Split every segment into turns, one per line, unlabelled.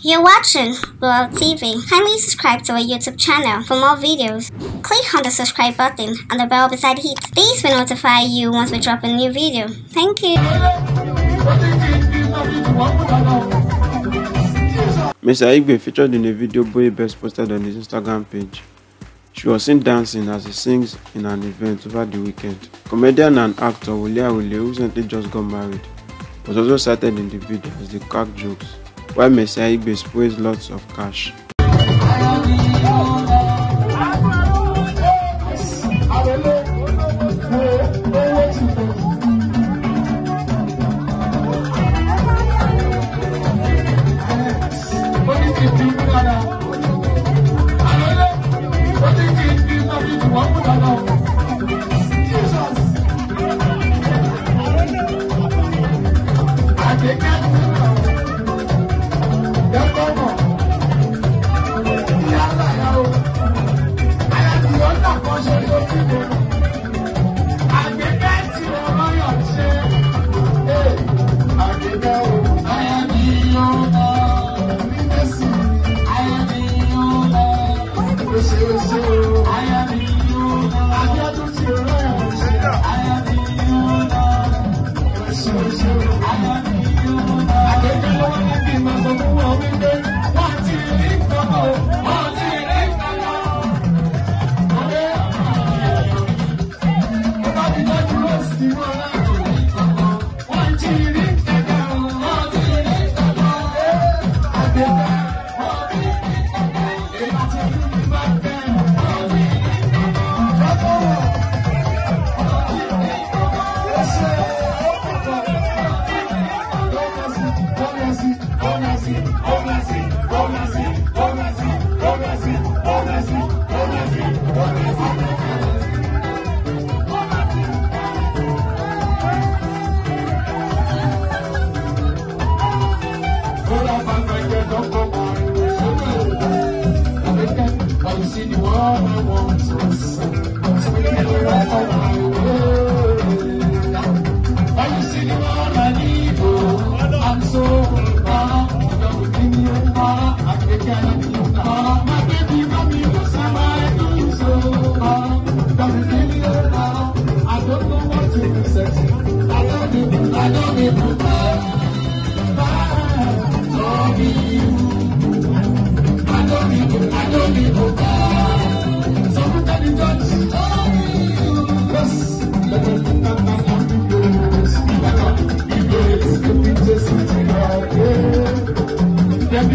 You're watching Blowout TV. Kindly subscribe to our YouTube channel for more videos. Click on the subscribe button and the bell beside it. These will notify you once we drop a new video. Thank you. Miss Aigbe featured in a video Boy Best posted on his Instagram page. She was seen dancing as he sings in an event over the weekend. Comedian and actor Wole Awele, who recently just got married, was also cited in the video as the crack jokes. while Messiah exposed lots of cash. Remember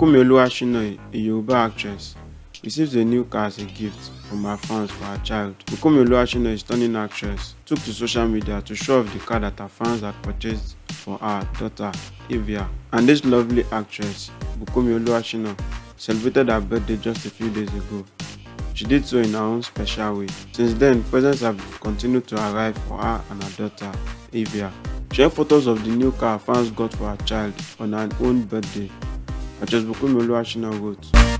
Wunmi Oluwashina, a Yoruba actress, receives a new car as a gift from her fans for her child. Wunmi Oluwashina, stunning actress, took to social media to show off the car that her fans had purchased for her daughter, Evia. And this lovely actress, Wunmi Oluwashina, celebrated her birthday just a few days ago. She did so in her own special way. Since then, presents have continued to arrive for her and her daughter, Evia. Share photos of the new car fans got for her child on her own birthday I just become a rational Goat.